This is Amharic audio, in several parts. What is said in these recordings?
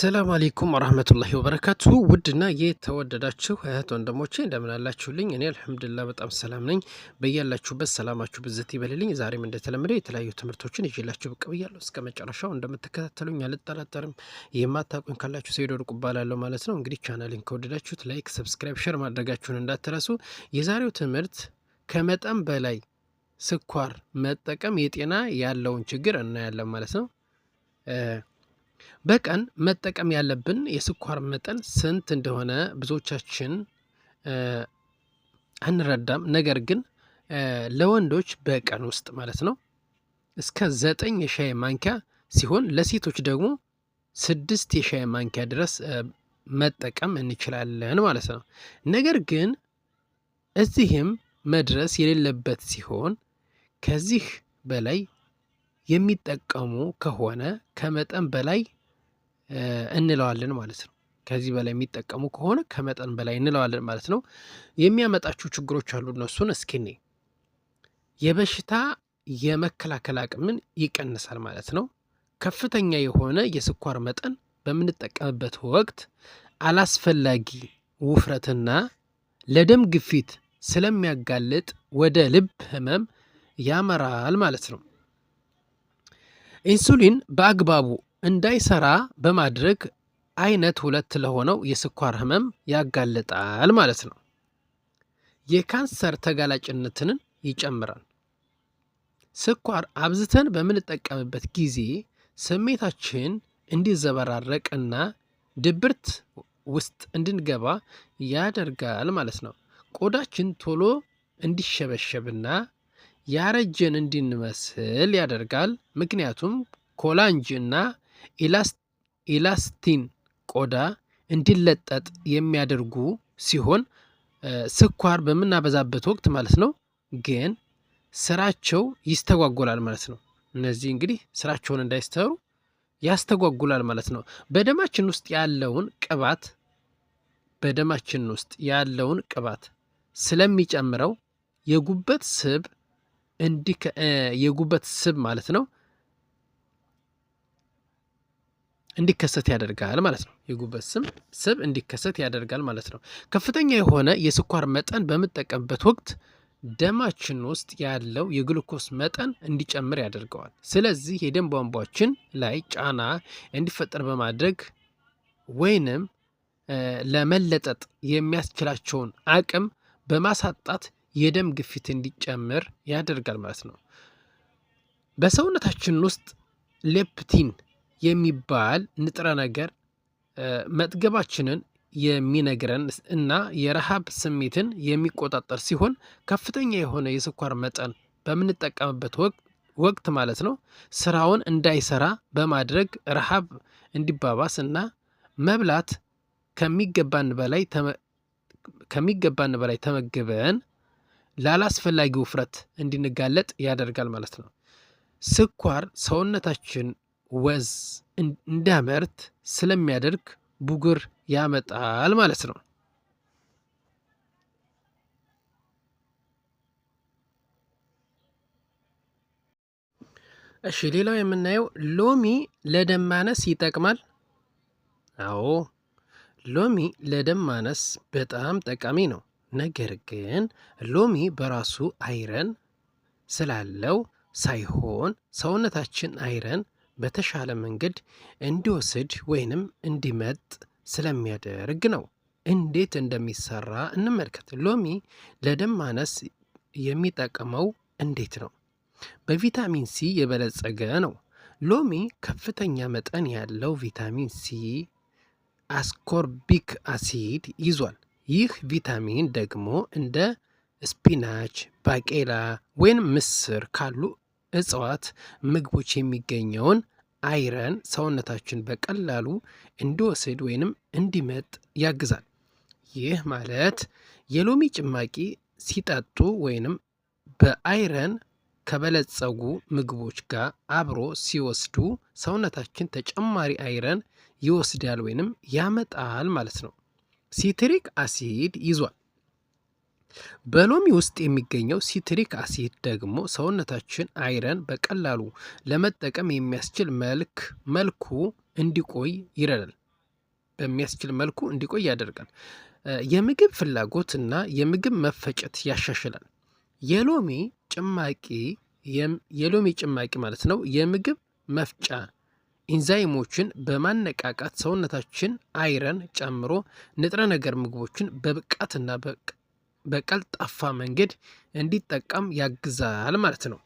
ሰላም አሌይኩም ወራህመቱላሂ ወበረካቱ። ውድና የተወደዳችሁ እህት ወንድሞቼ እንደምን አላችሁልኝ? እኔ አልሐምዱላ በጣም ሰላም ነኝ። በያላችሁበት ሰላማችሁ ብዝት ይበልልኝ። ዛሬም እንደተለመደ የተለያዩ ትምህርቶችን ይዤላችሁ ብቅ ብያለሁ። እስከ መጨረሻው እንደምትከታተሉኝ አልጠራጠርም። የማታውቁኝ ካላችሁ ሰይድ ወርቁ እባላለሁ ማለት ነው። እንግዲህ ቻናልን ከወደዳችሁት ላይክ፣ ሰብስክራይብ፣ ሸር ማድረጋችሁን እንዳትረሱ። የዛሬው ትምህርት ከመጠን በላይ ስኳር መጠቀም የጤና ያለውን ችግር እናያለን ማለት ነው። በቀን መጠቀም ያለብን የስኳር መጠን ስንት እንደሆነ ብዙዎቻችን አንረዳም። ነገር ግን ለወንዶች በቀን ውስጥ ማለት ነው እስከ ዘጠኝ የሻይ ማንኪያ ሲሆን ለሴቶች ደግሞ ስድስት የሻይ ማንኪያ ድረስ መጠቀም እንችላለን ማለት ነው። ነገር ግን እዚህም መድረስ የሌለበት ሲሆን ከዚህ በላይ የሚጠቀሙ ከሆነ ከመጠን በላይ እንለዋለን ማለት ነው። ከዚህ በላይ የሚጠቀሙ ከሆነ ከመጠን በላይ እንለዋለን ማለት ነው። የሚያመጣቸው ችግሮች አሉ። እነሱን እስኪኔ የበሽታ የመከላከል አቅምን ይቀንሳል ማለት ነው። ከፍተኛ የሆነ የስኳር መጠን በምንጠቀምበት ወቅት አላስፈላጊ ውፍረትና ለደም ግፊት ስለሚያጋልጥ ወደ ልብ ህመም ያመራል ማለት ነው። ኢንሱሊን በአግባቡ እንዳይሰራ በማድረግ አይነት ሁለት ለሆነው የስኳር ህመም ያጋልጣል ማለት ነው። የካንሰር ተጋላጭነትንን ይጨምራል። ስኳር አብዝተን በምንጠቀምበት ጊዜ ስሜታችን እንዲዘበራረቅ እና ድብርት ውስጥ እንድንገባ ያደርጋል ማለት ነው። ቆዳችን ቶሎ እንዲሸበሸብና ያረጀን እንድንመስል ያደርጋል። ምክንያቱም ኮላንጅ እና ኢላስቲን ቆዳ እንዲለጠጥ የሚያደርጉ ሲሆን ስኳር በምናበዛበት ወቅት ማለት ነው። ግን ስራቸው ይስተጓጎላል ማለት ነው። እነዚህ እንግዲህ ስራቸውን እንዳይሰሩ ያስተጓጉላል ማለት ነው። በደማችን ውስጥ ያለውን ቅባት በደማችን ውስጥ ያለውን ቅባት ስለሚጨምረው የጉበት ስብ እንዲህ የጉበት ስብ ማለት ነው እንዲከሰት ያደርጋል ማለት ነው። የጉበት ስም ስብ እንዲከሰት ያደርጋል ማለት ነው። ከፍተኛ የሆነ የስኳር መጠን በምጠቀምበት ወቅት ደማችን ውስጥ ያለው የግሉኮስ መጠን እንዲጨምር ያደርገዋል። ስለዚህ የደም ቧንቧችን ላይ ጫና እንዲፈጠር በማድረግ ወይንም ለመለጠጥ የሚያስችላቸውን አቅም በማሳጣት የደም ግፊት እንዲጨምር ያደርጋል ማለት ነው። በሰውነታችን ውስጥ ሌፕቲን የሚባል ንጥረ ነገር መጥገባችንን የሚነግረን እና የረሃብ ስሜትን የሚቆጣጠር ሲሆን ከፍተኛ የሆነ የስኳር መጠን በምንጠቀምበት ወቅት ማለት ነው ስራውን እንዳይሰራ በማድረግ ረሃብ እንዲባባስ እና መብላት ከሚገባን በላይ ከሚገባን በላይ ተመግበን ላላስፈላጊ ውፍረት እንድንጋለጥ ያደርጋል ማለት ነው። ስኳር ሰውነታችን ወዝ እንዳመርት ስለሚያደርግ ብጉር ያመጣል ማለት ነው። እሺ ሌላው የምናየው ሎሚ ለደም ማነስ ይጠቅማል። አዎ ሎሚ ለደም ማነስ በጣም ጠቃሚ ነው። ነገር ግን ሎሚ በራሱ አይረን ስላለው ሳይሆን ሰውነታችን አይረን በተሻለ መንገድ እንዲወስድ ወይንም እንዲመጥ ስለሚያደርግ ነው። እንዴት እንደሚሰራ እንመልከት። ሎሚ ለደም ማነስ የሚጠቅመው እንዴት ነው? በቪታሚን ሲ የበለጸገ ነው። ሎሚ ከፍተኛ መጠን ያለው ቪታሚን ሲ አስኮርቢክ አሲድ ይዟል። ይህ ቪታሚን ደግሞ እንደ ስፒናች፣ ባቄላ ወይም ምስር ካሉ እጽዋት ምግቦች የሚገኘውን አይረን ሰውነታችን በቀላሉ እንዲወስድ ወይንም እንዲመጥ ያግዛል። ይህ ማለት የሎሚ ጭማቂ ሲጠጡ ወይንም በአይረን ከበለጸጉ ምግቦች ጋር አብሮ ሲወስዱ ሰውነታችን ተጨማሪ አይረን ይወስዳል ወይንም ያመጣል ማለት ነው። ሲትሪክ አሲድ ይዟል። በሎሚ ውስጥ የሚገኘው ሲትሪክ አሲድ ደግሞ ሰውነታችን አይረን በቀላሉ ለመጠቀም የሚያስችል መልክ መልኩ እንዲቆይ ይረዳል በሚያስችል መልኩ እንዲቆይ ያደርጋል። የምግብ ፍላጎት እና የምግብ መፈጨት ያሻሽላል። የሎሚ ጭማቂ የሎሚ ጭማቂ ማለት ነው የምግብ መፍጫ ኢንዛይሞችን በማነቃቃት ሰውነታችን አይረን ጨምሮ ንጥረ ነገር ምግቦችን በብቃትና በቀልጣፋ መንገድ እንዲጠቀም ያግዛል ማለት ነው።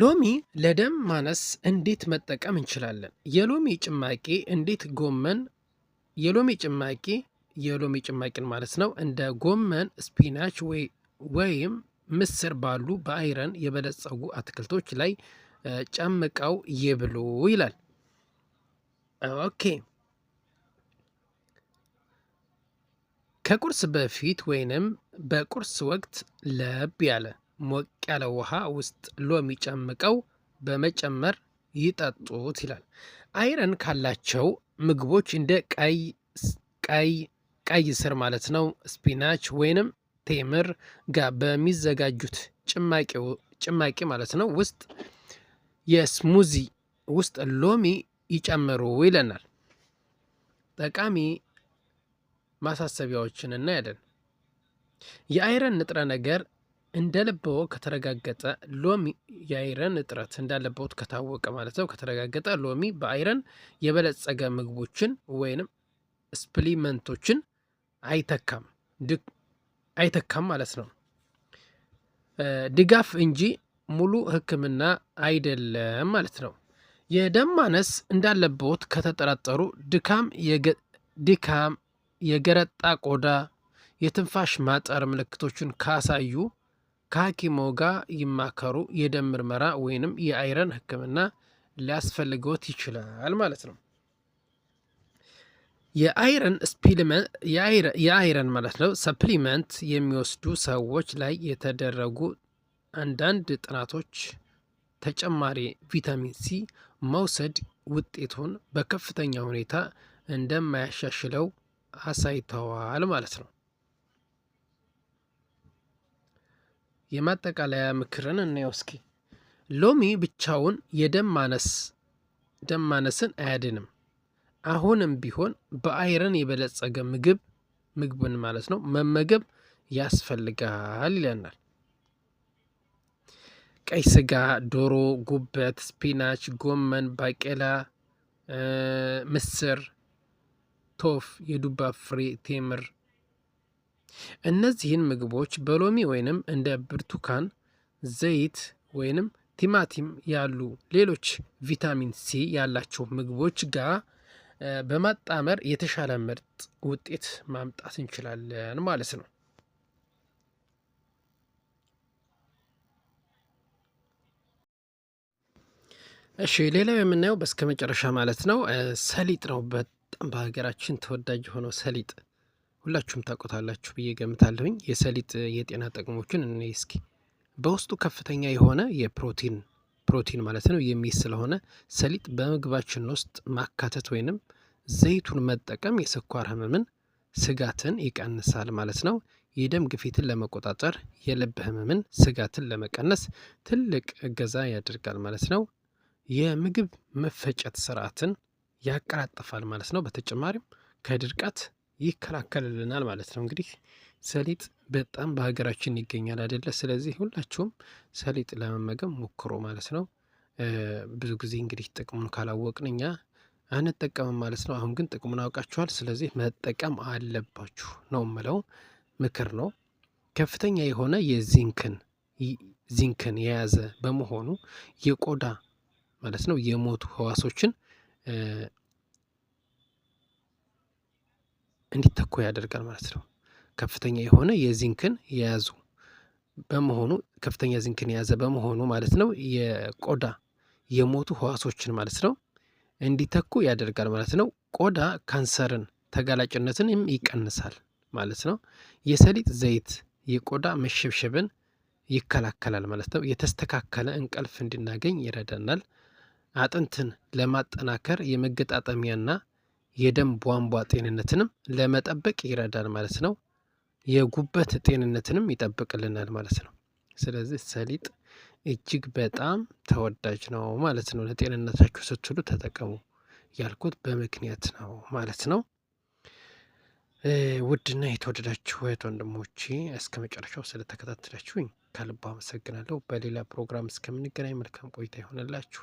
ሎሚ ለደም ማነስ እንዴት መጠቀም እንችላለን? የሎሚ ጭማቂ እንዴት ጎመን የሎሚ ጭማቂ የሎሚ ጭማቂን ማለት ነው እንደ ጎመን፣ ስፒናች ወይም ምስር ባሉ በአይረን የበለጸጉ አትክልቶች ላይ ጨምቀው ይብሉ ይላል። ኦኬ ከቁርስ በፊት ወይንም በቁርስ ወቅት ለብ ያለ ሞቅ ያለ ውሃ ውስጥ ሎሚ ጨምቀው በመጨመር ይጠጡት ይላል። አይረን ካላቸው ምግቦች እንደ ቀይ ቀይ ቀይ ስር ማለት ነው ስፒናች ወይንም ቴምር ጋር በሚዘጋጁት ጭማቂ ማለት ነው ውስጥ የስሙዚ ውስጥ ሎሚ ይጨምሩ ይለናል። ጠቃሚ ማሳሰቢያዎችን እናያለን። የአይረን ንጥረ ነገር እንደልበው ከተረጋገጠ ሎሚ የአይረን እጥረት እንዳለበት ከታወቀ ማለት ነው ከተረጋገጠ ሎሚ በአይረን የበለጸገ ምግቦችን ወይንም ስፕሊመንቶችን አይተካም አይተካም ማለት ነው ድጋፍ እንጂ ሙሉ ህክምና አይደለም ማለት ነው። የደም ማነስ እንዳለበት ከተጠረጠሩ ድካም፣ ድካም፣ የገረጣ ቆዳ፣ የትንፋሽ ማጠር ምልክቶችን ካሳዩ ከሐኪሞ ጋር ይማከሩ። የደም ምርመራ ወይንም የአይረን ህክምና ሊያስፈልግዎት ይችላል ማለት ነው። የአይረን የአይረን ማለት ነው ሰፕሊመንት የሚወስዱ ሰዎች ላይ የተደረጉ አንዳንድ ጥናቶች ተጨማሪ ቪታሚን ሲ መውሰድ ውጤቱን በከፍተኛ ሁኔታ እንደማያሻሽለው አሳይተዋል ማለት ነው። የማጠቃለያ ምክርን እናየው እስኪ። ሎሚ ብቻውን የደም ማነስ ደም ማነስን አያድንም። አሁንም ቢሆን በአይረን የበለጸገ ምግብ ምግብን ማለት ነው መመገብ ያስፈልጋል ይለናል። ቀይ ስጋ፣ ዶሮ፣ ጉበት፣ ስፒናች፣ ጎመን፣ ባቄላ፣ ምስር፣ ቶፍ፣ የዱባ ፍሬ፣ ቴምር እነዚህን ምግቦች በሎሚ ወይንም እንደ ብርቱካን ዘይት ወይንም ቲማቲም ያሉ ሌሎች ቪታሚን ሲ ያላቸው ምግቦች ጋር በማጣመር የተሻለ ምርጥ ውጤት ማምጣት እንችላለን ማለት ነው። እሺ ሌላው የምናየው በስከ መጨረሻ ማለት ነው ሰሊጥ ነው። በጣም በሀገራችን ተወዳጅ የሆነው ሰሊጥ ሁላችሁም ታውቁታላችሁ ብዬ ገምታለሁኝ። የሰሊጥ የጤና ጥቅሞችን እኔ እስኪ በውስጡ ከፍተኛ የሆነ የፕሮቲን ፕሮቲን ማለት ነው የሚይዝ ስለሆነ ሰሊጥ በምግባችን ውስጥ ማካተት ወይንም ዘይቱን መጠቀም የስኳር ህመምን ስጋትን ይቀንሳል ማለት ነው። የደም ግፊትን ለመቆጣጠር የልብ ህመምን ስጋትን ለመቀነስ ትልቅ እገዛ ያደርጋል ማለት ነው። የምግብ መፈጨት ስርዓትን ያቀላጥፋል ማለት ነው። በተጨማሪም ከድርቀት ይከላከልልናል ማለት ነው። እንግዲህ ሰሊጥ በጣም በሀገራችን ይገኛል አይደለ? ስለዚህ ሁላችሁም ሰሊጥ ለመመገብ ሞክሮ ማለት ነው። ብዙ ጊዜ እንግዲህ ጥቅሙን ካላወቅን እኛ አንጠቀምም ማለት ነው። አሁን ግን ጥቅሙን አውቃችኋል። ስለዚህ መጠቀም አለባችሁ ነው የምለው ምክር ነው። ከፍተኛ የሆነ የዚንክን ዚንክን የያዘ በመሆኑ የቆዳ ማለት ነው የሞቱ ህዋሶችን እንዲተኩ ያደርጋል ማለት ነው። ከፍተኛ የሆነ የዚንክን የያዙ በመሆኑ ከፍተኛ ዚንክን የያዘ በመሆኑ ማለት ነው የቆዳ የሞቱ ህዋሶችን ማለት ነው እንዲተኩ ያደርጋል ማለት ነው። ቆዳ ካንሰርን ተጋላጭነትንም ይቀንሳል ማለት ነው። የሰሊጥ ዘይት የቆዳ መሸብሸብን ይከላከላል ማለት ነው። የተስተካከለ እንቅልፍ እንድናገኝ ይረዳናል። አጥንትን ለማጠናከር የመገጣጠሚያና የደም ቧንቧ ጤንነትንም ለመጠበቅ ይረዳል ማለት ነው። የጉበት ጤንነትንም ይጠብቅልናል ማለት ነው። ስለዚህ ሰሊጥ እጅግ በጣም ተወዳጅ ነው ማለት ነው። ለጤንነታችሁ ስትሉ ተጠቀሙ ያልኩት በምክንያት ነው ማለት ነው። ውድና የተወደዳችሁ እህት ወንድሞቼ እስከ መጨረሻው ስለተከታተላችሁኝ ከልባ አመሰግናለሁ። በሌላ ፕሮግራም እስከምንገናኝ መልካም ቆይታ ይሆንላችሁ።